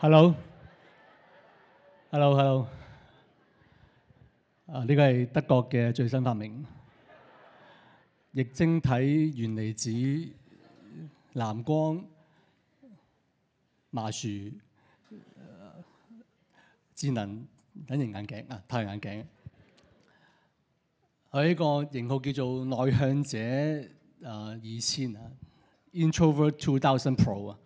Hello，hello，hello。啊，呢個係德國嘅最新發明， 液晶體原理指藍光麻糬、呃、智能隱形眼鏡啊、呃，太陽眼鏡。佢、呃、呢、這個型號叫做內向者、呃、2000，啊，儀器啊，Introvert Two Thousand Pro 啊。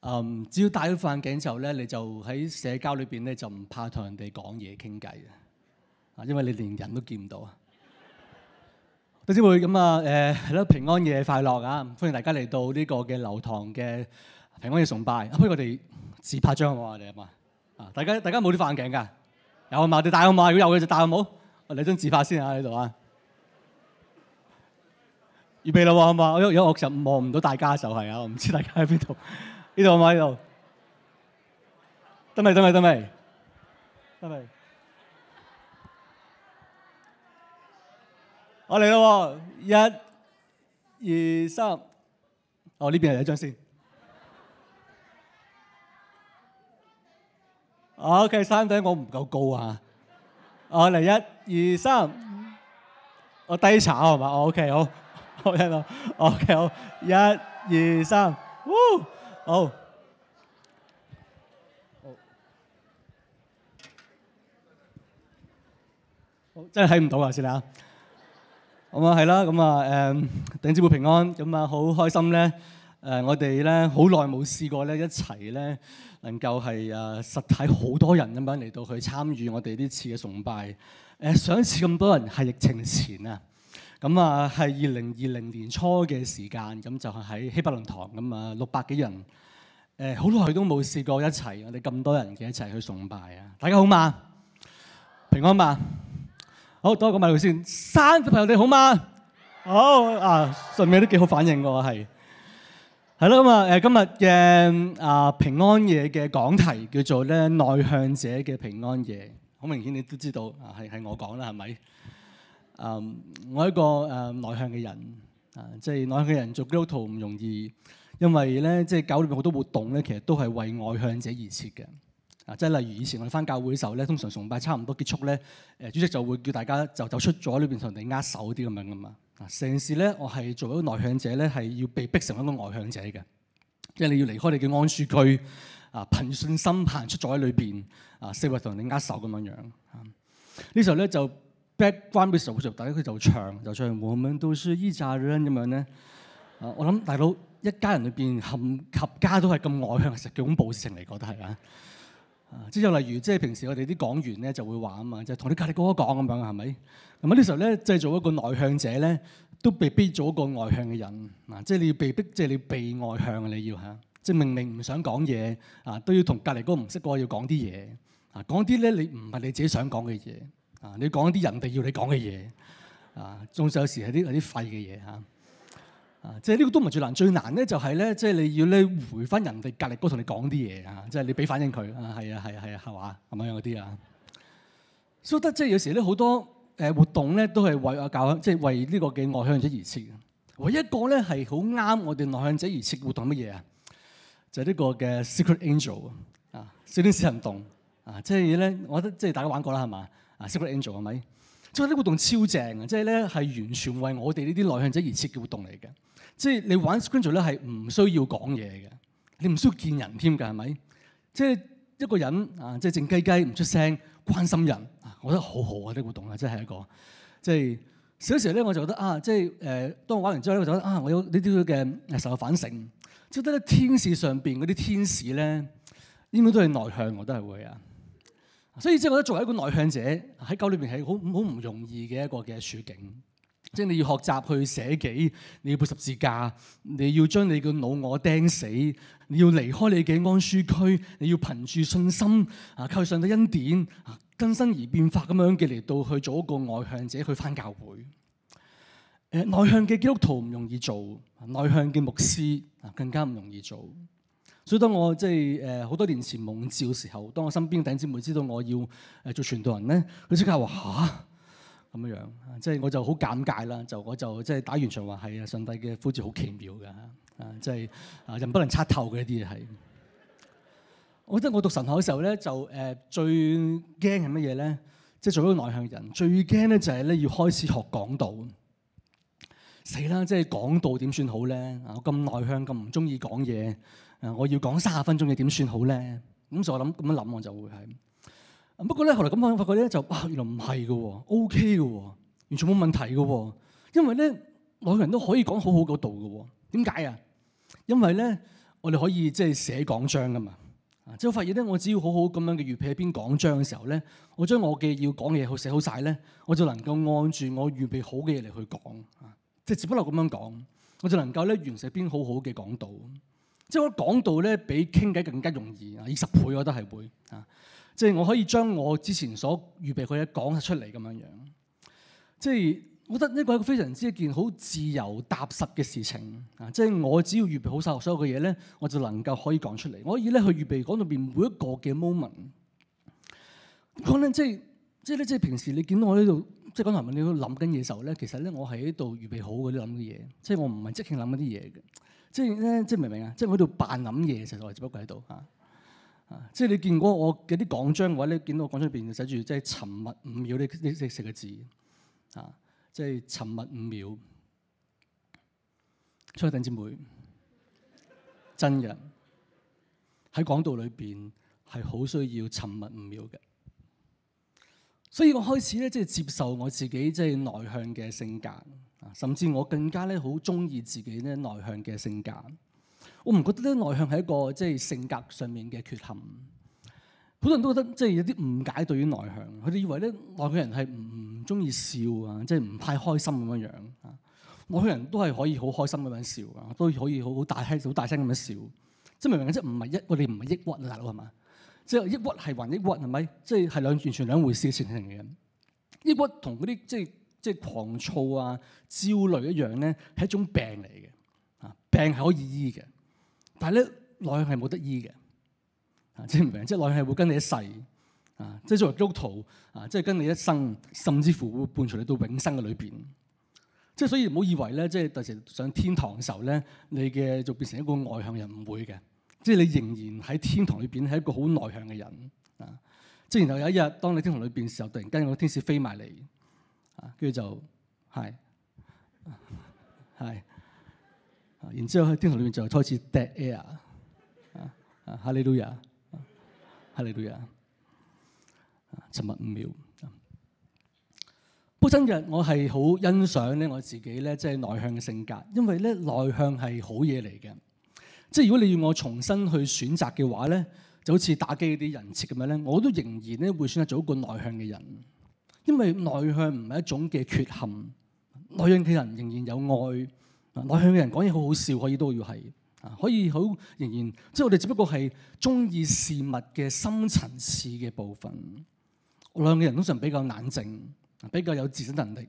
嗯，um, 只要戴咗副眼鏡之後咧，你就喺社交裏邊咧就唔怕同人哋講嘢傾偈啊！因為你連人都見唔到啊！ 弟兄姊妹咁啊，誒係咯，平安夜快樂啊！歡迎大家嚟到呢個嘅流堂嘅平安夜崇拜。啊、不如我哋自拍張好嘛？我哋啊嘛，啊大家大家冇啲眼鏡噶， 有啊嘛？你戴好嘛？如果有嘅就戴啊好，嚟張自拍先啊！呢度啊，準備啦喎嘛！我因為我實望唔到大家就係、係、啊，唔知大家喺邊度。 呢度冇，呢度，得未？得未？得未？得未？我嚟咯！一、二、三，我呢邊係一張先。O K，山頂我唔夠高啊！我嚟一、二、三，我低炒係嘛？O K，好，我聽到。O K，好，一、二、三，呼！好，好，真係睇唔到啊！先啊，咁啊係啦，咁啊誒，頂支部平安，咁啊好開心咧！誒，我哋咧好耐冇試過咧一齊咧能夠係誒實體好多人咁樣嚟到去參與我哋呢次嘅崇拜。誒，上一次咁多人係疫情前啊。咁啊，係二零二零年初嘅時間，咁就係喺希伯倫堂，咁啊六百幾人，誒好耐都冇試過一齊，我哋咁多人嘅一齊去崇拜啊！大家好嘛？平安嘛？好多謝個麥路先，三個朋友，你好嘛？好、oh, 啊，順嘅都幾好反應喎，係係啦，咁啊誒，今日嘅啊平安夜嘅講題叫做咧內向者嘅平安夜，好明顯你都知道啊，係係我講啦，係咪？誒，um, 我係一個誒內、uh, 向嘅人，啊、uh,，即係內向嘅人做基督徒唔容易，因為咧，即係教會裏面好多活動咧，其實都係為外向者而設嘅，啊，即係例如以前我哋返教會嘅時候咧，通常崇拜差唔多結束咧，誒、呃，主席就會叫大家就走出咗喺裏邊同人哋握手啲咁樣噶嘛，啊，成時咧我係做一個內向者咧係要被逼成一個外向者嘅，即係你要離開你嘅安舒區，啊，憑信心行出咗喺裏邊，啊，四圍同人哋握手咁樣樣，啊，呢、啊、時候咧就。閉關嘅時候，但係佢就唱就唱和咁樣，到處依炸啦咁樣咧。啊，我諗大佬一家人裏邊冚家都係咁外向，其實叫恐怖事嚟，覺得係啊。啊，即係又例如，即係平時我哋啲講員咧就會話啊嘛，就係同啲隔離哥講咁樣，係咪？咁啊呢時候咧，即係做一個內向者咧，都被逼做一個外向嘅人啊，即係你要被逼，即係你要被外向啊，你要嚇。即係明明唔想講嘢啊，都要同隔離哥唔識個要講啲嘢啊，講啲咧你唔係你自己想講嘅嘢。啊！你講啲人哋要你講嘅嘢啊，仲有時係啲啲廢嘅嘢嚇啊。即係呢個都唔係最難，最難咧就係咧，即係你要咧回翻人哋隔離哥同你講啲嘢啊。即係你俾反應佢啊，係啊，係啊，係啊，係嘛咁樣嗰啲啊。所以得即係有時咧好多誒活動咧都係為阿教即係為呢個嘅外向者而設嘅。唯一一個咧係好啱我哋內向者而設活動乜嘢啊？就係呢個嘅 Secret Angel 啊，小天使行動啊，即係咧，我覺得即係大家玩過啦，係嘛？啊 Secret Angel 係咪？即係呢活動超正啊！即係咧係完全為我哋呢啲內向者而設嘅活動嚟嘅。即係你玩 angel 咧係唔需要講嘢嘅，你唔需要見人添㗎，係咪？即係一個人啊，即係靜雞雞唔出聲，關心人啊，我覺得好好啊！呢活動啊，真係一個。即係小時候咧，我就覺得啊，即係誒、呃，當我玩完之後咧，我就覺得啊，我有呢啲嘅受反省。即係覺得天使上邊嗰啲天使咧，應該都係內向，我都係會啊。所以即係，我覺得作為一個內向者喺教裏邊係好好唔容易嘅一個嘅處境，即係你要學習去捨己，你要背十字架，你要將你嘅老我釘死，你要離開你嘅安舒區，你要憑住信心啊，靠上主恩典啊，更新而變化咁樣，嘅嚟，到去做一個外向者去翻教會，誒內向嘅基督徒唔容易做，內向嘅牧師啊更加唔容易做。所以當我即係誒好多年前蒙召嘅時候，當我身邊弟兄姊妹知道我要誒做傳道人咧，佢即刻話吓，咁、啊、樣樣，即係我就好尷尬啦。就我就即係打完場話係啊，上帝嘅呼召好奇妙㗎啊，即係啊，人不能測透嘅一啲嘢係。啊、 我覺得我讀神學嘅時候咧，就誒、呃、最驚係乜嘢咧？即係做一個內向人，最驚咧就係咧要開始學講道。死啦！即係講道點算好咧？我咁內向，咁唔中意講嘢。啊！我要講三十分鐘嘅點算好咧？咁所以我諗咁樣諗，我就會係。不過咧，後來咁發發覺咧，就啊，原來唔係嘅喎，OK 嘅喎，完全冇問題嘅喎。因為咧，每個人都可以講好好嗰度嘅喎。點解啊？因為咧，我哋可以即係寫講章啊嘛。啊，即係發現咧，我只要好好咁樣嘅預備喺邊講章嘅時候咧，我將我嘅要講嘅嘢去寫好晒咧，我就能夠按住我預備好嘅嘢嚟去講啊，即係只不過咁樣講，我就能夠咧完成一邊好好嘅講道。即係我講到咧，比傾偈更加容易啊！二十倍，我覺得係會啊，即係我可以將我之前所預備嗰啲講出嚟咁樣樣。即係我覺得呢個係一個非常之一件好自由踏實嘅事情啊！即係我只要預備好曬所有嘅嘢咧，我就能夠可以講出嚟。我可以咧去預備講到邊每一個嘅 moment。可能即係即係咧，即係平時你見到我呢度即係講談文，你都諗緊嘢時候咧，其實咧我係喺度預備好嗰啲諗嘅嘢。即係我唔係即興諗嗰啲嘢嘅。即係咧，即係明唔明啊？即係我喺度扮諗嘢，其實我係只不過喺度嚇。啊，即係你見過我嘅啲講章嘅話咧，見到我講章裏邊寫住即係沉默五秒呢呢呢四個字。啊，即係沉默五秒。出去等姐妹，真嘅喺講道裏邊係好需要沉默五秒嘅。所以我開始咧，即係接受我自己即係內向嘅性格。甚至我更加咧好中意自己咧內向嘅性格，我唔覺得咧內向係一個即係性格上面嘅缺陷。好多人都覺得即係有啲誤解對於內向，佢哋以為咧內向人係唔唔中意笑啊，即係唔太開心咁樣樣啊。內向人都係可以好開心咁樣笑啊，都可以好好大聲好大聲咁樣笑。即係明明？即係唔係一我哋唔係抑鬱啊，大佬係嘛？即係抑鬱係還抑鬱係咪？即係係兩完全兩回事嘅情形嘅。抑鬱同嗰啲即係。即係狂躁啊、焦慮一樣咧，係一種病嚟嘅。啊，病係可以醫嘅，但係咧內向係冇得醫嘅。啊，知唔明？即係內向係會跟你一世。啊，即係作為基督徒，啊，即係跟你一生，甚至乎會伴隨你到永生嘅裏邊。即係所以唔好以為咧，即係第時上天堂嘅時候咧，你嘅就變成一個外向人唔會嘅。即係你仍然喺天堂裏邊係一個好內向嘅人。啊，即係然後有一日，當你天堂裏邊嘅時候，突然間有個天使飛埋嚟。跟住就係，係，然之後喺天堂裏面就開始 dead air，啊，哈利路亞，哈利路亞，沉默五秒。 不過真嘅，我係好欣賞咧我自己咧，即係內向嘅性格，因為咧內向係好嘢嚟嘅。即係如果你要我重新去選擇嘅話咧，就好似打機嗰啲人設咁樣咧，我都仍然咧會選擇做一個內向嘅人。因為內向唔係一種嘅缺陷，內向嘅人仍然有愛，內向嘅人講嘢好好笑，可以都要係，可以好仍然，即係我哋只不過係中意事物嘅深層次嘅部分。內向嘅人通常比較冷靜，比較有自省能力。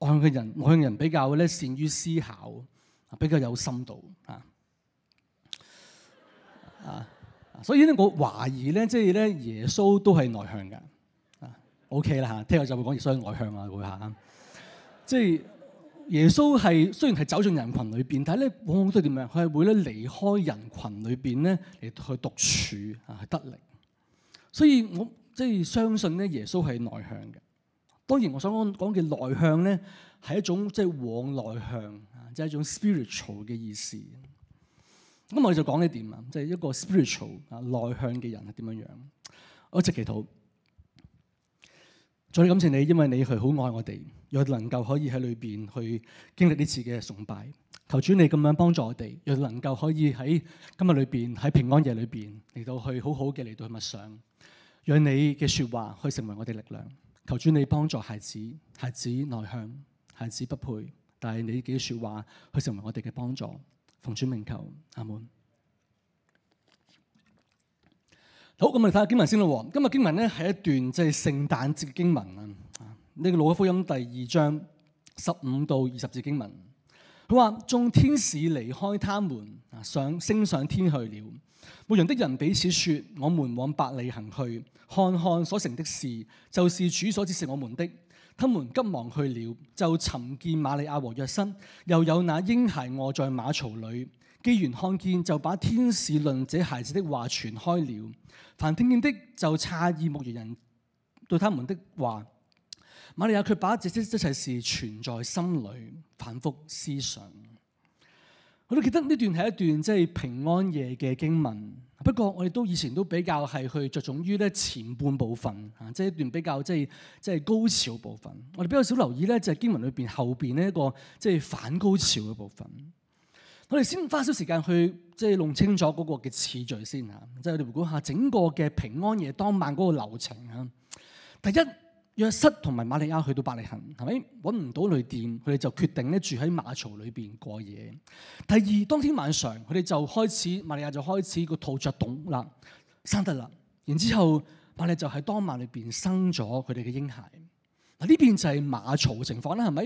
內向嘅人，內向人比較咧善於思考，比較有深度。啊啊，所以咧我懷疑咧，即係咧耶穌都係內向嘅。O K 啦嚇，聽日、okay、就會講耶穌嘅內向啊會嚇，即係耶穌係雖然係走進人群裏邊，但係咧往往都係點樣？佢係會咧離開人群裏邊咧嚟去獨處嚇、啊、得力。所以我即係相信咧，耶穌係內向嘅。當然，我想講講嘅內向咧係一種即係往內向啊，即係一種 spiritual 嘅意思。咁我哋就講呢點啊，即係一個 spiritual 啊內向嘅人係點樣樣？我一直祈禱。再感謝你，因為你係好愛我哋，又能夠可以喺裏邊去經歷呢次嘅崇拜。求主你咁樣幫助我哋，又能夠可以喺今日裏邊喺平安夜裏邊嚟到去好好嘅嚟到去默想，讓你嘅説話去成為我哋力量。求主你幫助孩子，孩子內向，孩子不配，但係你嘅説話去成為我哋嘅幫助，奉主名求，阿門。好，咁我哋睇下經文先啦。今日經文咧係一段即係聖誕節經文啊，呢個路加福音第二章十五到二十節經文。佢話：眾天使離開他們，上升上天去了。牧羊的人彼此説：我們往百里行去，看看所成的事，就是主所指示我們的。他們急忙去了，就尋見馬利亞和約瑟，又有那嬰孩卧在馬槽裏。既然看見，就把天使論這孩子的話傳開了。凡聽見的，就詫異牧羊人對他們的話。馬利亞卻把這些一切事存在心裏，反復思想。我哋記得呢段係一段即係平安夜嘅經文。不過我哋都以前都比較係去着重於咧前半部分，啊，即係一段比較即係即係高潮部分。我哋比較少留意咧，就係經文裏邊後邊呢一個即係反高潮嘅部分。我哋先花少時間去即係弄清楚嗰個嘅次序先嚇，即係我哋回顧下整個嘅平安夜當晚嗰個流程嚇、啊。第一，約瑟同埋瑪利亞去到伯利恆，係咪揾唔到旅店？佢哋就決定咧住喺馬槽裏邊過夜。第二，當天晚上佢哋就開始，瑪利亞就開始個肚着動啦，生得啦。然之後，瑪麗就喺當晚裏邊生咗佢哋嘅嬰孩。嗱，呢邊就係馬槽嘅情況啦，係咪？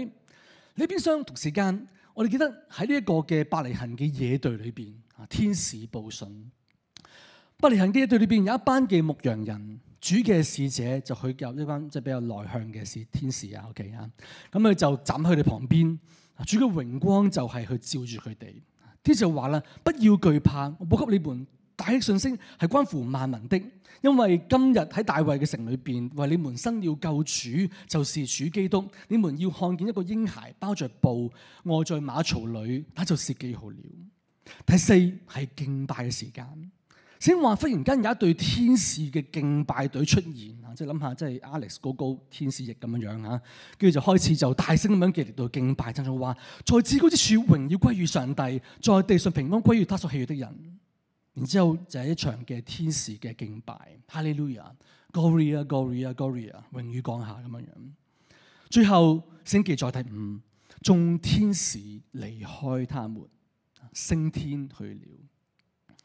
呢邊相同時間。我哋記得喺呢一個嘅伯利恆嘅野地裏邊，天使報信。伯利恆嘅野地裏邊有一班嘅牧羊人，主嘅使者就去有呢班即係比較內向嘅使天使啊，OK 啊、嗯，咁佢就站喺佢哋旁邊，主嘅榮光就係去照住佢哋。天使就話啦：不要懼怕，我報給你們。大啲信息係關乎萬民的，因為今日喺大衛嘅城裏邊，為你們生要救主，就是主基督。你們要看見一個嬰孩包着布臥在馬槽裏，那就是記號了。第四係敬拜嘅時間，先話忽然間有一隊天使嘅敬拜隊出現啊！即係諗下，即係 Alex 高高天使翼咁樣樣嚇，跟住就開始就大聲咁樣激烈到敬拜，趁住話，在至高之處榮耀歸於上帝，在地上平安歸於他所喜悅的人。然之後就係一場嘅天使嘅敬拜，哈利路亞，Gloria，Gloria，Gloria，榮譽講下咁樣樣。最後升記在第五，眾天使離開他們，升天去了。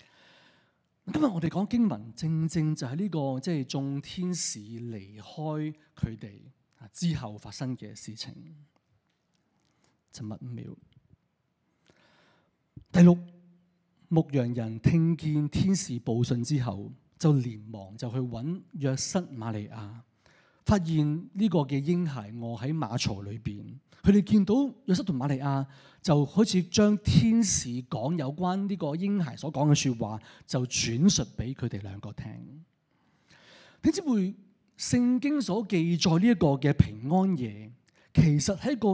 今日我哋講經文，正正就係呢、這個即係、就是、眾天使離開佢哋啊之後發生嘅事情。沉默五秒，第六。牧羊人聽見天使報信之後，就連忙就去揾約瑟馬利亞，發現呢個嘅嬰孩卧喺馬槽裏邊。佢哋見到約瑟同馬利亞，就好似將天使講有關呢個嬰孩所講嘅説話，就轉述俾佢哋兩個聽。點知會聖經所記載呢一個嘅平安夜？其實係一個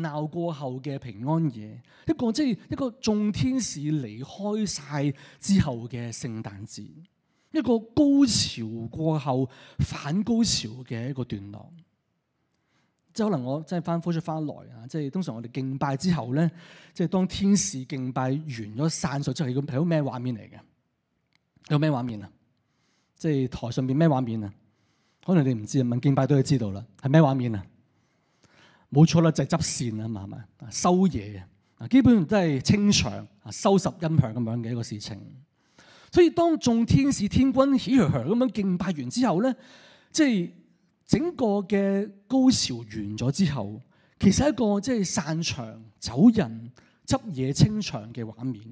熱鬧過後嘅平安夜，一個即係一個眾天使離開晒之後嘅聖誕節，一個高潮過後反高潮嘅一個段落。即係可能我真係翻 focus 翻來啊，即係通常我哋敬拜之後咧，即係當天使敬拜完咗散晒出去咁，睇到咩畫面嚟嘅？有咩畫面啊？即係台上邊咩畫面啊？可能你唔知啊，問敬拜都係知道啦，係咩畫面啊？冇錯啦，就係、是、執線啊嘛，係咪？收嘢啊，基本上都係清場啊，收拾音響咁樣嘅一個事情。所以當眾天使天軍嘻嘻咁樣敬拜完之後咧，即係整個嘅高潮完咗之後，其實係一個即係散場走人執嘢清場嘅畫面。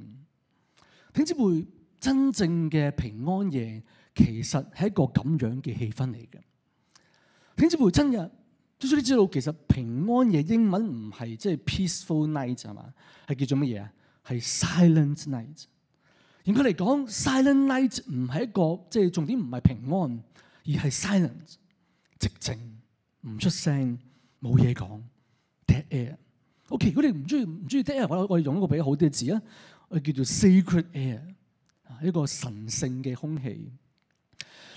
點知會真正嘅平安夜其實係一個咁樣嘅氣氛嚟嘅？點知會真日。就算你知道其實平安夜英文唔係即係 peaceful night 係嘛？係叫做乜嘢啊？係 sil silent night。應該嚟講，silent night 唔係一個即係重點，唔係平安，而係 silent，寂靜，唔出聲，冇嘢講，dead air。OK，如果你唔中意唔中意 dead air，我我用一個比較好啲嘅字啊，我叫做 sacred air，一個神聖嘅空氣。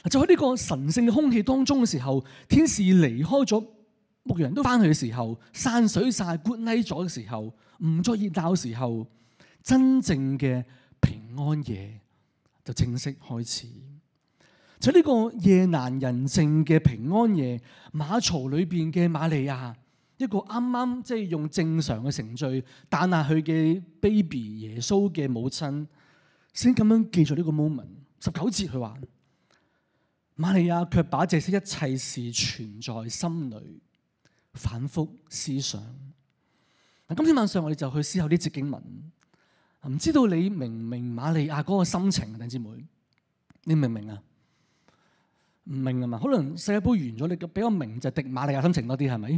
嗱，就喺呢個神聖嘅空氣當中嘅時候，天使離開咗。牧羊人都翻去嘅時候，散水晒 Good night 咗嘅時候，唔再熱鬧嘅時候，真正嘅平安夜就正式開始。就呢個夜難人靜嘅平安夜，馬槽裏邊嘅瑪利亞，一個啱啱即係用正常嘅程序誕下佢嘅 baby 耶穌嘅母親，先咁樣記住呢個 moment。十九節佢話：瑪利亞卻把這些一切事存在心裏。反覆思想。嗱，今天晚上我哋就去思考呢節經文。唔知道你明唔明瑪利亞嗰個心情啊，弟兄姊妹？你明唔明啊？唔明啊嘛？可能世界杯完咗，你比較明就是，迪瑪利亞心情多啲，係咪？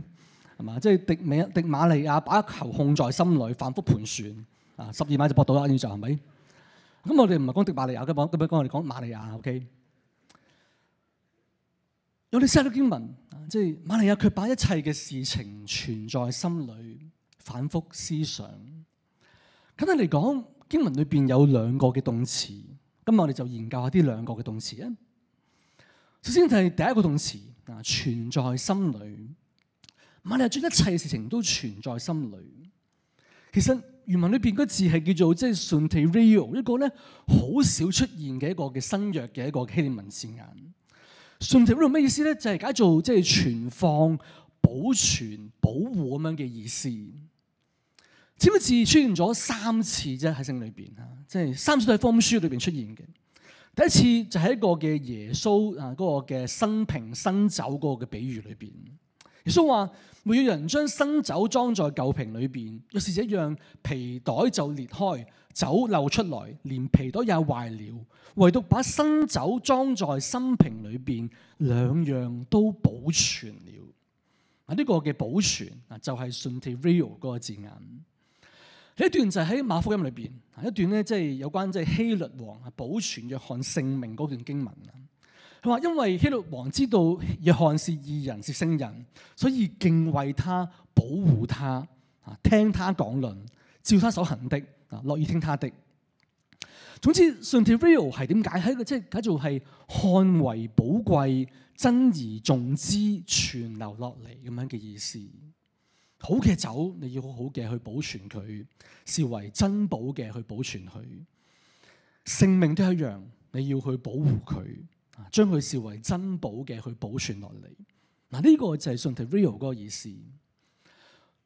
係嘛？即、就、係、是、迪美迪瑪利亞把球控在心裏，反覆盤旋，啊，十二碼就博到啦，然之後係咪？咁我哋唔係講迪瑪利亞，咁講咁樣講我哋講瑪利亞，OK？我哋識讀經文，即係馬利亞，卻把一切嘅事情存在心裏，反覆思想。簡單嚟講，經文裏邊有兩個嘅動詞，今日我哋就研究下啲兩個嘅動詞啊。首先就係第一個動詞啊，存在心裏。馬利亞將一切事情都存在心裏。其實原文裏邊個字係叫做即係純體 real，一個咧好少出現嘅一個嘅新約嘅一個希臘文字眼。信籍嗰度咩意思咧？就係、是、解做即係存放、保存、保護咁樣嘅意思。呢個字出現咗三次啫，喺聖經裏邊，即係三次都喺福音書裏邊出現嘅。第一次就喺一個嘅耶穌啊嗰個嘅新瓶、新酒個嘅比喻裏邊。耶穌話：沒有人將新酒裝在舊瓶裏邊，若是這樣皮袋就裂開，酒漏出來，連皮袋也壞了，唯獨把新酒裝在新瓶裏邊，兩樣都保存了。啊，呢個嘅保存啊，就係 Sunterio 嗰個字眼。呢一段就喺馬福音裏邊，一段呢即係有關即係希律王啊保存約翰性命嗰段經文佢話因為希律王知道約翰是義人是聖人，所以敬畏他保護他，啊聽他講論，照他所行的，啊樂意聽他的。總之，聖殿 vial 係點解喺個即係解做係捍衛寶貴、珍而重之、存留落嚟咁樣嘅意思。好嘅酒你要好好嘅去保存佢，視為珍寶嘅去保存佢。性命都係一樣，你要去保護佢。將佢視為珍寶嘅，去保存落嚟。嗱、啊，呢、這個就係信提 real 嗰個、就是啊啊、個意思。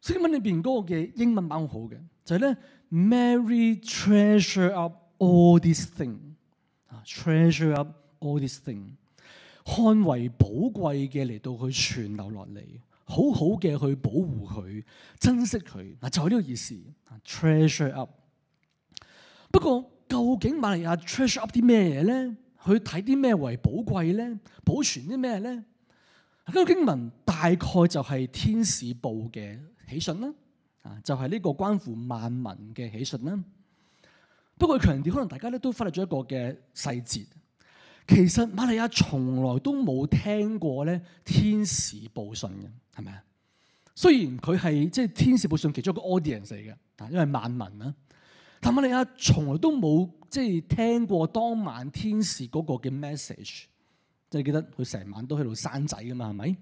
聖經文裏邊嗰個嘅英文版好嘅，就係咧，Mary treasure up all these things 啊，treasure up all these things，看為寶貴嘅嚟到去存留落嚟，好好嘅去保護佢，珍惜佢。嗱，就係呢個意思，treasure up。不過究竟馬利亞 treasure up 啲咩嘢咧？去睇啲咩為寶貴咧？保存啲咩咧？呢個經文大概就係天使報嘅喜訊啦，啊，就係呢個關乎萬民嘅喜訊啦。不過強調，可能大家咧都忽略咗一個嘅細節，其實瑪利亞從來都冇聽過咧天使報信嘅，係咪啊？雖然佢係即係天使報信其中一個 audience 嚟嘅，啊，因為萬民啊。但係瑪利亞從來都冇即係聽過當晚天使嗰個嘅 message，即係記得佢成晚都喺度生仔㗎嘛，係咪？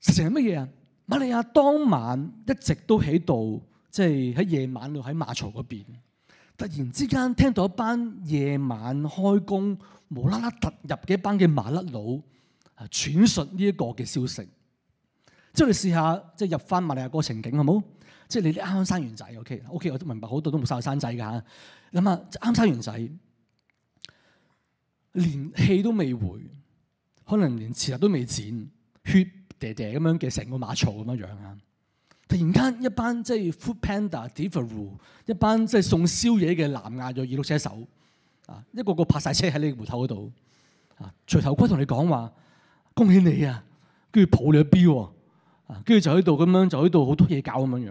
成係乜嘢啊？瑪利亞當晚一直都喺度，即係喺夜晚度，喺馬槽嗰邊，突然之間聽到一班夜晚開工無啦啦突入嘅一班嘅麻甩佬啊，傳述呢一個嘅消息。即係你試下，即係入翻馬利亞個情景，好冇？即係你啱啱生完仔，OK，OK，OK? OK, 我都明白，好多都冇生生仔噶嚇。諗下啱生完仔，連氣都未回，可能連臍帶都未剪，血嗲嗲咁樣嘅成個馬槽咁樣樣啊！突然間一班即係 Food Panda Delivery 一班即係送宵夜嘅南亞嘅二碌車手啊，一個個拍晒車喺你門頭嗰度啊，除頭盔同你講話，恭喜你啊！跟住抱你一抱啊。」啊！跟住就喺度咁樣，就喺度好多嘢搞咁樣樣，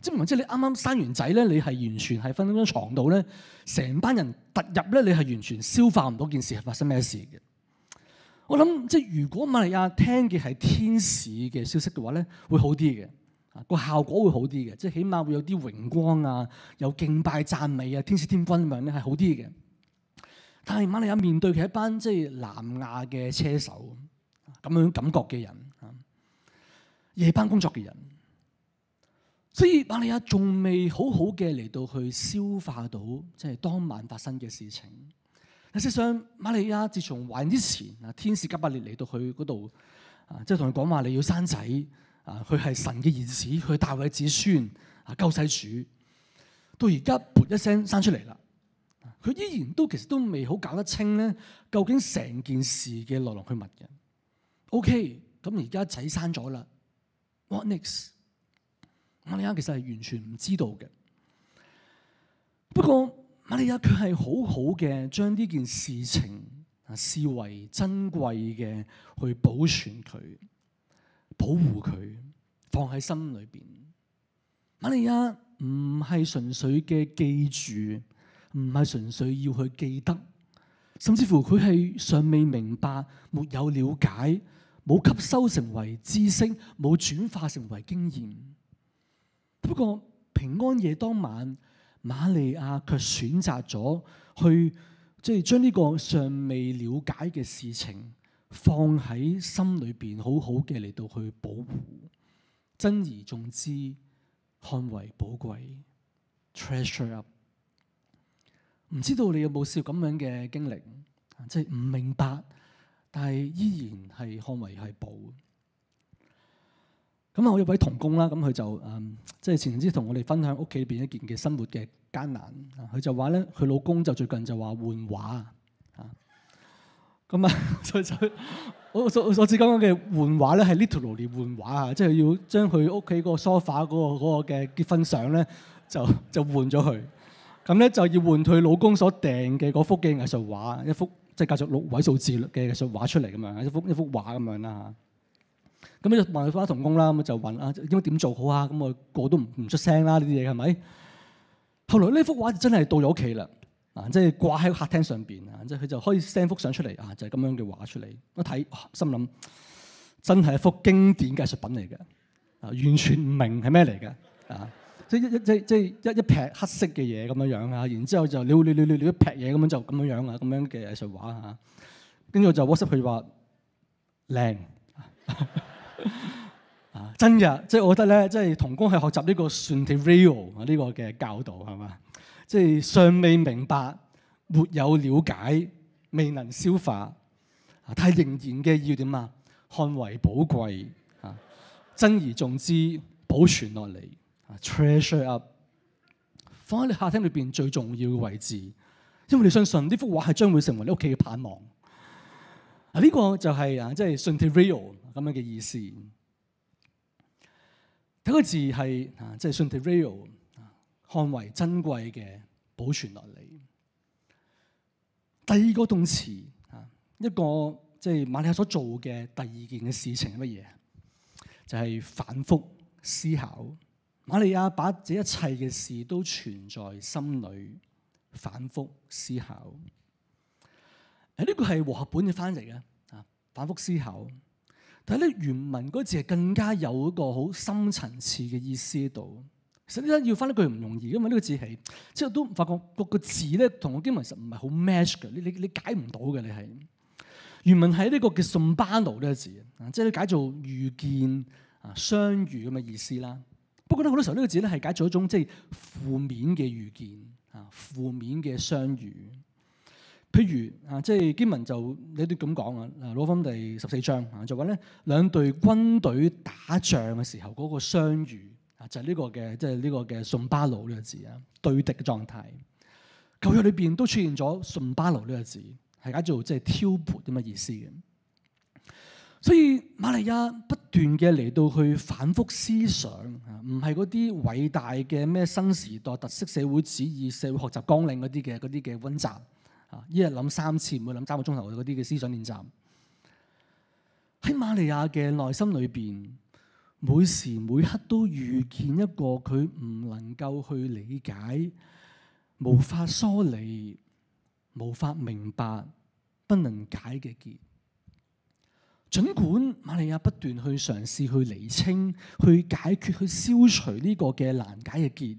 即係唔係即係你啱啱生完仔咧？你係完全係瞓喺張牀度咧，成班人突入咧，你係完全消化唔到件事係發生咩事嘅。我諗即係如果瑪利亞聽嘅係天使嘅消息嘅話咧，會好啲嘅。啊，個效果會好啲嘅，即係起碼會有啲榮光啊，有敬拜讚美啊，天使天軍咁樣咧係好啲嘅。但係瑪利亞面對佢一班即係南亞嘅車手咁樣感覺嘅人。夜班工作嘅人，所以瑪利亞仲未好好嘅嚟到去消化到，即係當晚發生嘅事情。但事實上，瑪利亞自從懷孕之前啊，天使吉伯列嚟到佢嗰度啊，即係同佢講話你要生仔啊，佢係神嘅兒子，佢大衛子孫啊，救世主。到而家噗一聲生出嚟啦，佢、啊、依然都其實都未好搞得清咧，究竟成件事嘅來龍去脈嘅。OK，咁而家仔生咗啦。What next？瑪利亞其實係完全唔知道嘅。不過瑪利亞佢係好好嘅，將呢件事情啊視為珍貴嘅去保存佢、保護佢，放喺心裏邊。瑪利亞唔係純粹嘅記住，唔係純粹要去記得，甚至乎佢係尚未明白，沒有了解。冇吸收成為知識，冇轉化成為經驗。不過平安夜當晚，瑪利亞卻選擇咗去，即係將呢個尚未了解嘅事情放喺心裏面，好好嘅嚟到去保護。珍而重之，看為寶貴。treasure up，唔知道你有冇試過咁樣嘅經歷，即係唔明白。但係依然係看為係寶。咁啊，我有位同工啦，咁佢就嗯，即、就、係、是、前陣之同我哋分享屋企裏邊一件嘅生活嘅艱難，佢就話咧，佢老公就最近就話換畫啊。咁啊，所所我所所指講嘅換畫咧，係 literally 換畫啊，即係、就是、要將佢屋企個 sofa 嗰、那個嗰嘅結婚相咧，就就換咗佢。咁咧就要換佢老公所訂嘅嗰幅嘅藝術畫一幅。Ull，即係靠著六位數字嘅藝術畫出嚟咁樣一幅一幅畫咁樣啦嚇。咁你就問佢翻同工啦，咁就問啊，應該點做好啊？咁我個都唔唔出聲啦。呢啲嘢係咪？後來呢幅畫真係到咗屋企啦，啊，即係掛喺個客廳上邊啊，即係佢就可以 send 幅相出嚟啊，就係咁樣嘅畫出嚟。我睇心諗真係一幅經典嘅藝術品嚟嘅啊，完全唔明係咩嚟嘅啊。即係一、一、即係即係一、一撇黑色嘅嘢咁樣樣啊，然之後就你、你、你、你、你一劈嘢咁樣就咁樣樣啊，咁樣嘅藝術畫嚇。跟住我就 WhatsApp 佢話靚。啊， 真嘅，即、就、係、是、我覺得咧，即係童工係學習呢個算係 real 啊呢個嘅教導係嘛。即係、就是、尚未明白、沒有了解、未能消化，啊，但係仍然嘅要點啊，看為寶貴啊，珍而重之保存落嚟。treasure Up 放喺你客廳裏邊最重要嘅位置，因為你相信呢幅畫係將會成為你屋企嘅盼望、這個就是。啊，呢個就係啊，即係 suntereo 咁樣嘅意思。睇、這、一個字係啊，即係 suntereo，看為珍貴嘅保存落嚟。第二個動詞啊，一個即係馬利亞所做嘅第二件嘅事情係乜嘢？就係、是、反覆思考。瑪利亞把這一切嘅事都存在心裏，反覆思考。誒、呃、呢、這個係和合本嘅翻譯嘅，啊，反覆思考。但係呢，原文嗰字係更加有一個好深層次嘅意思喺度。實質要翻呢句唔容易，因為呢個字係，即係都發覺個、這個字咧同我經文實唔係好 match 嘅，你你你解唔到嘅，你係。原文喺呢個叫送巴奴呢個字，啊、即係解做遇見啊、相遇咁嘅意思啦。啊不過咧好多時候呢個字咧係解做一種即係負面嘅預見啊，負面嘅相遇。譬如啊，即係經文就你都咁講啊，攞返第十四章啊，就話咧兩隊軍隊打仗嘅時候嗰個相遇啊，就係、是、呢個嘅即係呢個嘅順巴奴呢個字啊，對敵嘅狀態。舊約裏邊都出現咗順巴奴呢個字，係解做即係挑撥啲乜意思嘅。所以瑪利亞不斷嘅嚟到去反覆思想，唔係嗰啲偉大嘅咩新時代特色社會主義社會學習綱領嗰啲嘅嗰啲嘅温習，啊，一日諗三次唔會諗三個鐘頭嗰啲嘅思想練習。喺瑪利亞嘅內心裏邊，每時每刻都遇見一個佢唔能夠去理解、無法梳理、無法明白、不能解嘅結。儘管瑪利亞不斷去嘗試去釐清、去解決、去消除呢個嘅難解嘅結，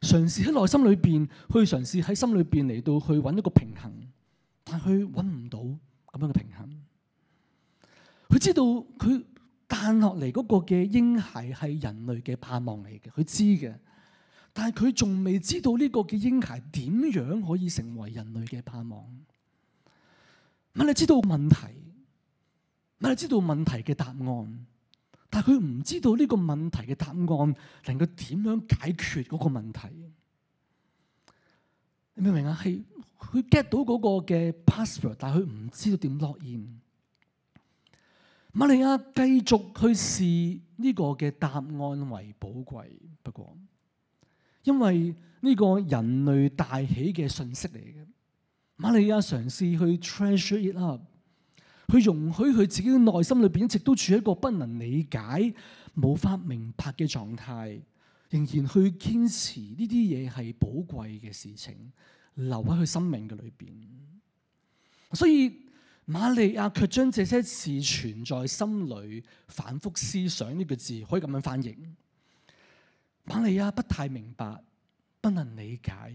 嘗試喺內心裏邊去嘗試喺心裏邊嚟到去揾一個平衡，但佢揾唔到咁樣嘅平衡。佢知道佢誕落嚟嗰個嘅嬰孩係人類嘅盼望嚟嘅，佢知嘅，但係佢仲未知道呢個嘅嬰孩點樣可以成為人類嘅盼望。瑪利亞知道問題？你知道問題嘅答案，但係佢唔知道呢個問題嘅答案能夠點樣解決嗰個問題。你明唔明啊？係佢 get 到嗰個嘅 password 但係佢唔知道點落現。瑪利亞繼續去視呢個嘅答案為寶貴，不過因為呢個人類大起嘅信息嚟嘅，瑪利亞嘗試去 treasure it up。佢容許佢自己嘅內心裏邊一直都處喺一個不能理解、冇法明白嘅狀態，仍然去堅持呢啲嘢係寶貴嘅事情，留喺佢生命嘅裏邊。所以瑪利亞卻將這些事存在心裏，反覆思想呢個字，可以咁樣翻譯。瑪利亞不太明白，不能理解，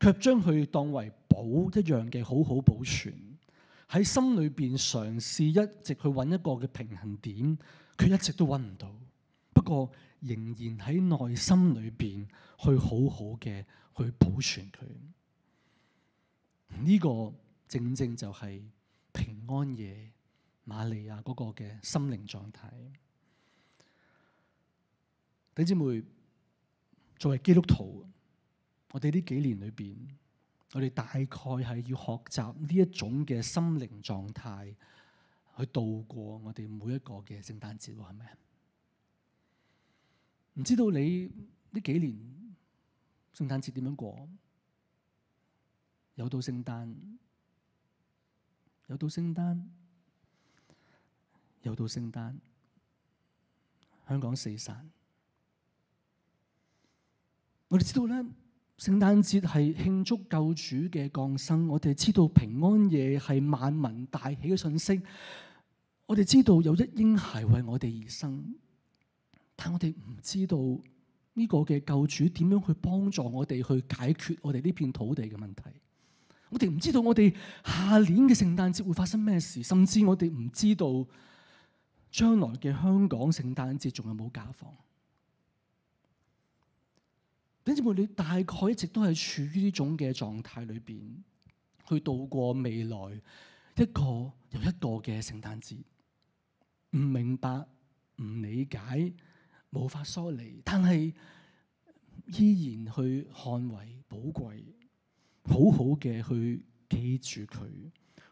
卻將佢當為寶一樣嘅好好保存。喺心裏邊嘗試一直去揾一個嘅平衡點，佢一直都揾唔到，不過仍然喺內心裏邊去好好嘅去保存佢。呢、這個正正就係平安夜瑪利亞嗰個嘅心靈狀態。弟兄姊妹，作為基督徒，我哋呢幾年裏邊。我哋大概係要學習呢一種嘅心靈狀態，去度過我哋每一個嘅聖誕節，係咪啊？唔知道你呢幾年聖誕節點樣過？又到聖誕，又到聖誕，又到聖誕，香港四散。我哋知道啦。聖誕節係慶祝救主嘅降生，我哋知道平安夜係萬民大喜嘅訊息，我哋知道有一嬰孩為我哋而生，但我哋唔知道呢個嘅救主點樣去幫助我哋去解決我哋呢片土地嘅問題。我哋唔知道我哋下年嘅聖誕節會發生咩事，甚至我哋唔知道將來嘅香港聖誕節仲有冇假放。甚至乎你大概一直都係處於呢種嘅狀態裏邊，去度過未來一個又一個嘅聖誕節。唔明白、唔理解、冇法梳理，但係依然去捍衛寶貴，好好嘅去記住佢，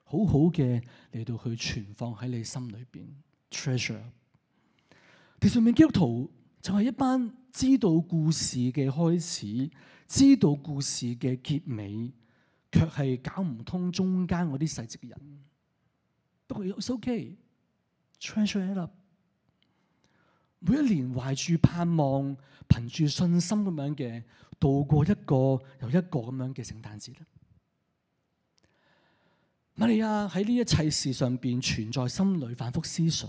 好好嘅嚟到去存放喺你心裏邊。treasure 地上面基督徒就係一班，知道故事嘅開始，知道故事嘅結尾，卻係搞唔通中間嗰啲細節嘅人。不過 OK，charge up。每一年懷住盼望，憑住信心咁樣嘅度過一個又一個咁樣嘅聖誕節啦。瑪利亞喺呢一切事上面存在心裏反覆思想。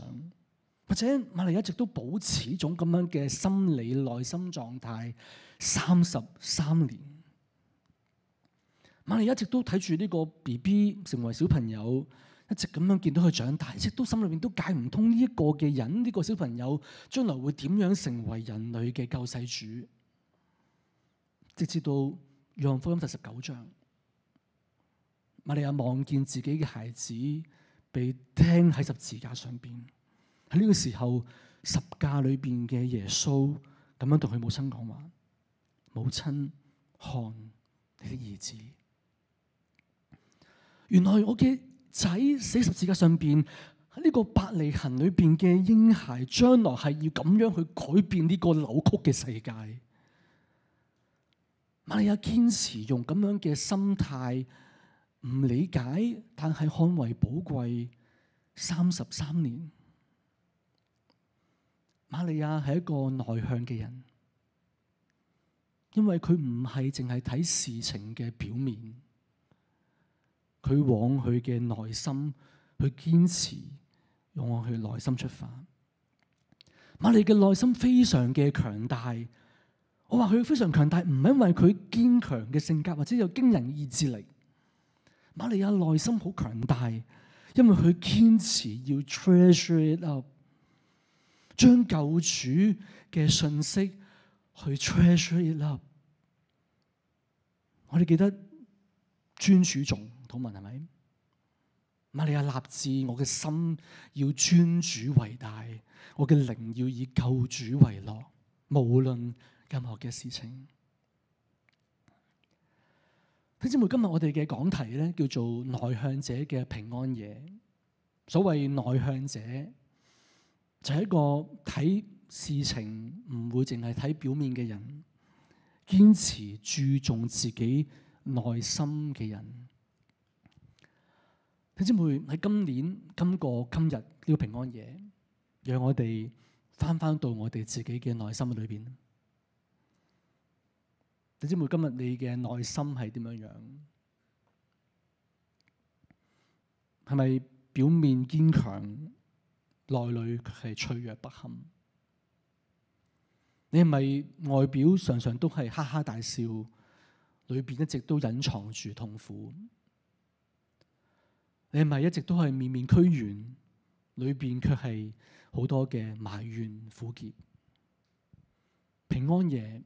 或者瑪麗一直都保持種咁樣嘅心理內心狀態三十三年。瑪麗一直都睇住呢個 BB 成為小朋友，一直咁樣見到佢長大，一直都心裏面都解唔通呢一個嘅人，呢、呢個小朋友將來會點樣成為人類嘅救世主？直至到約翰福音第十九章，馬利亞望見自己嘅孩子被釘喺十字架上邊。喺呢個時候，十架裏邊嘅耶穌咁樣同佢母親講話：母親，看你的兒子。原來我嘅仔喺十字架上邊喺呢個伯利恆裏邊嘅嬰孩，將來係要咁樣去改變呢個扭曲嘅世界。馬利亞堅持用咁樣嘅心態，唔理解，但係看為寶貴，三十三年。瑪利亞係一個內向嘅人，因為佢唔係淨係睇事情嘅表面，佢往佢嘅內心去堅持，往佢內心出發。瑪利亞嘅內心非常嘅強大。我話佢非常強大，唔係因為佢堅強嘅性格或者有驚人意志力。瑪利亞內心好強大，因為佢堅持要 treasure it up。將救主嘅信息去 treasure it up，我哋記得尊主重禱文係咪？瑪利亞立志，我嘅心要尊主為大，我嘅靈要以救主為樂，無論任何嘅事情。弟兄姊妹，今日我哋嘅講題咧叫做內向者嘅平安夜。所謂內向者。就係一個睇事情唔會淨係睇表面嘅人，堅持注重自己內心嘅人，你知唔會喺今年今個今日呢個平安夜，讓我哋翻翻到我哋自己嘅內心嘅裏邊。你知唔知，今日你嘅內心係點樣樣？係咪表面堅強？內裏卻係脆弱不堪。你係咪外表常常都係哈哈大笑，裏邊一直都隱藏住痛苦？你係咪一直都係面面俱圓，裏邊卻係好多嘅埋怨苦澀？平安夜，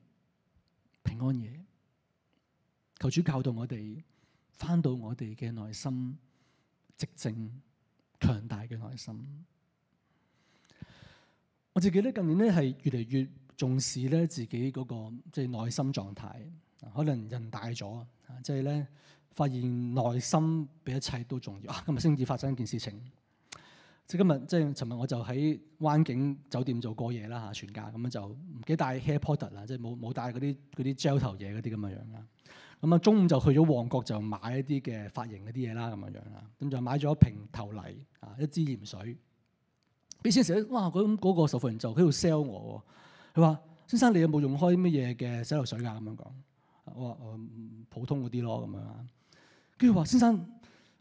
平安夜，求主教導我哋返到我哋嘅內心，真正強大嘅內心。我自己咧近年咧係越嚟越重視咧自己嗰個即係內心狀態，可能人大咗，即係咧發現內心比一切都重要。今日先至發生一件事情，即係今日即係尋日我就喺灣景酒店做過夜啦吓，全家咁樣就唔記得帶 hair product 啦，即係冇冇帶嗰啲嗰啲膠頭嘢嗰啲咁嘅樣啦。咁啊中午就去咗旺角就買一啲嘅髮型嗰啲嘢啦咁樣樣啦，咁就買咗一瓶頭泥啊，一支鹽水。以前成哇嗰咁嗰個售貨員就喺度 sell 我喎，佢話：先生你有冇用開乜嘢嘅洗頭水㗎？咁樣講，我話：嗯普通嗰啲咯咁樣。跟住話：先生，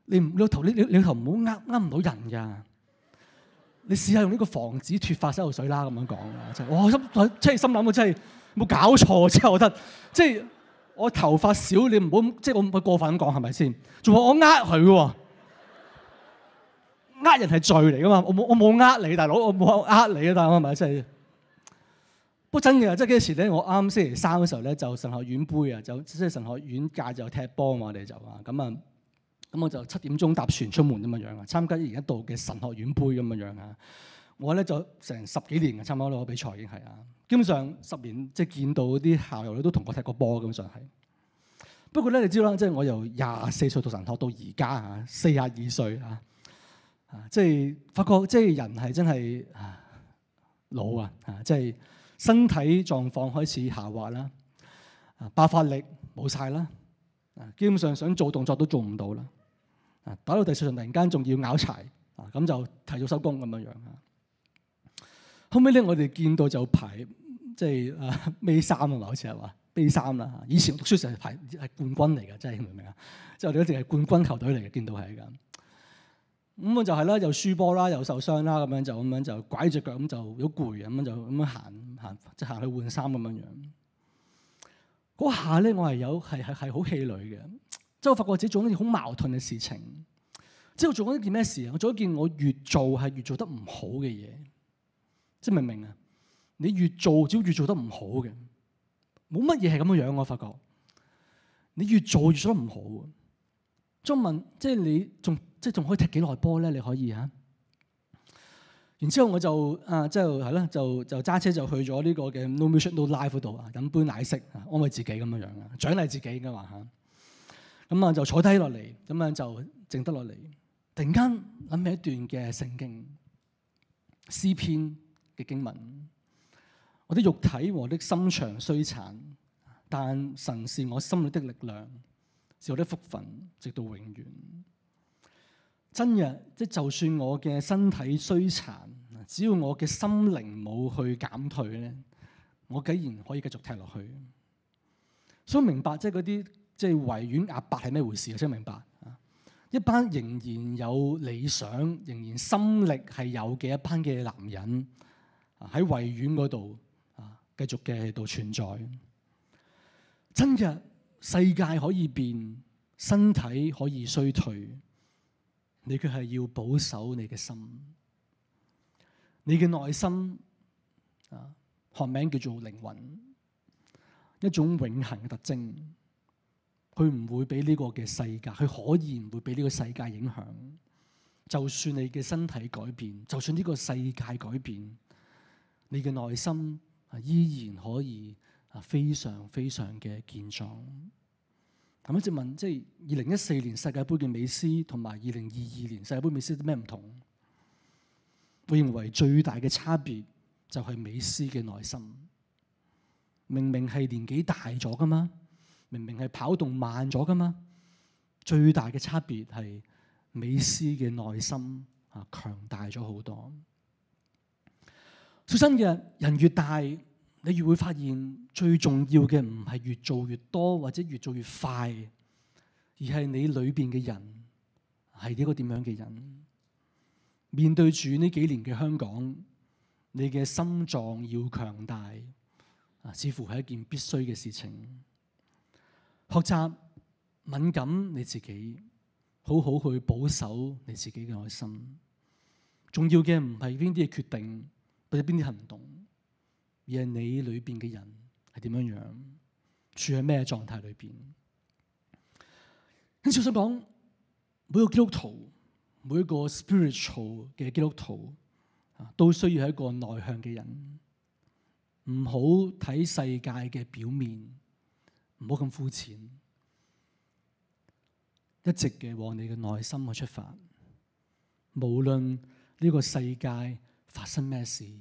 你有有、嗯、生你，你，你，你頭你你你頭唔好呃呃唔到人㗎。你試下用呢個防止脱髮洗頭水啦。咁樣講，真係我心即係心諗，我真係冇搞錯。之後我覺得，即係我頭髮少，你唔好即係我，我過分咁講係咪先？仲話我呃佢喎。啊呃人係罪嚟噶嘛？我冇我冇呃你，大佬我冇呃你啊，大佬係咪真係？不過真嘅，即係幾時咧？我啱啱星期三嘅時候咧，就神學院杯啊，就即係神學院界就踢波啊嘛，我哋就啊咁啊，咁我就七點鐘搭船出門咁樣樣啊，參加一年一度嘅神學院杯咁樣樣啊。我咧就成十幾年嘅參加呢個比賽已經係啊，基本上十年即係見到啲校友咧都同我踢過波嘅，基本上係。不過咧你知啦，即係我由廿四歲讀神學到而家啊，四十二歲啊。啊！即係發覺，即係人係真係老啊！啊，即係身體狀況開始下滑啦，啊，爆發力冇晒啦，啊，基本上想做動作都做唔到啦，啊，打到第四場突然間仲要拗柴，啊，咁就提早收工咁樣樣啊。後尾咧，我哋見到就排即係啊，尾三啊嘛，好似係話尾三啦。以前讀書成日排係冠軍嚟嘅，真係明唔明啊？即係我哋一直係冠軍球隊嚟嘅，見到係咁。咁我，嗯，就係，是，啦，又輸波啦，又受傷啦，咁樣就咁樣，就拐隻腳，咁就好攰啊，咁樣就咁樣行行，即係行去換衫咁樣樣。嗰下咧，我係有係係係好氣餒嘅，即係我發覺自己做緊件好矛盾嘅事情。即係我做緊一件咩事啊？我做一件我越做係越做得唔好嘅嘢。即係明唔明啊？你越做，只要越做得唔好嘅，冇乜嘢係咁樣樣。我發覺你越做越做得唔好。中文即係你仲？即仲可以踢幾耐波咧？你可以啊！然之後我就啊，即係係咯，就就揸車就去咗呢個嘅 No Mission No Life 度飲杯奶昔，安慰自己咁樣樣，獎勵自己嘅話吓，咁啊，啊就坐低落嚟，咁樣就靜得落嚟。突然間諗起一段嘅聖經詩篇嘅經文，我啲肉體和啲心腸衰殘，但神是我心裏的力量，是我的福分，直到永遠。真嘅，即就算我嘅身體衰殘，只要我嘅心靈冇去減退咧，我竟然可以繼續踢落去。所、so, 以明白即係嗰啲即係維園阿伯係咩回事啊？想明白啊，一班仍然有理想、仍然心力係有嘅一班嘅男人喺維園嗰度啊，繼續嘅度存在。真嘅，世界可以變，身體可以衰退。你卻係要保守你嘅心，你嘅內心啊，學名叫做靈魂，一種永恆嘅特徵，佢唔會俾呢個嘅世界，佢可以唔會俾呢個世界影響。就算你嘅身體改變，就算呢個世界改變，你嘅內心啊依然可以啊非常非常嘅健壯。咁咧就問，即係二零一四年世界盃嘅美斯同埋二零二二年世界盃美斯有啲咩唔同？我認為最大嘅差別就係美斯嘅內心。明明係年紀大咗噶嘛，明明係跑動慢咗噶嘛，最大嘅差別係美斯嘅內心啊強大咗好多。小心嘅人越大，你越會發現，最重要嘅唔係越做越多或者越做越快，而係你裏面嘅人係一個點樣嘅人。面對住呢幾年嘅香港，你嘅心臟要強大，似乎係一件必須嘅事情。學習敏感你自己，好好去保守你自己嘅愛心。重要嘅唔係邊啲嘅決定，或者邊啲行動。而係你裏邊嘅人係點樣樣，處喺咩狀態裏邊？你小心講，每個基督徒，每一個 spiritual 嘅基督徒，都需要係一個內向嘅人，唔好睇世界嘅表面，唔好咁膚淺，一直嘅往你嘅內心去出發。無論呢個世界發生咩事。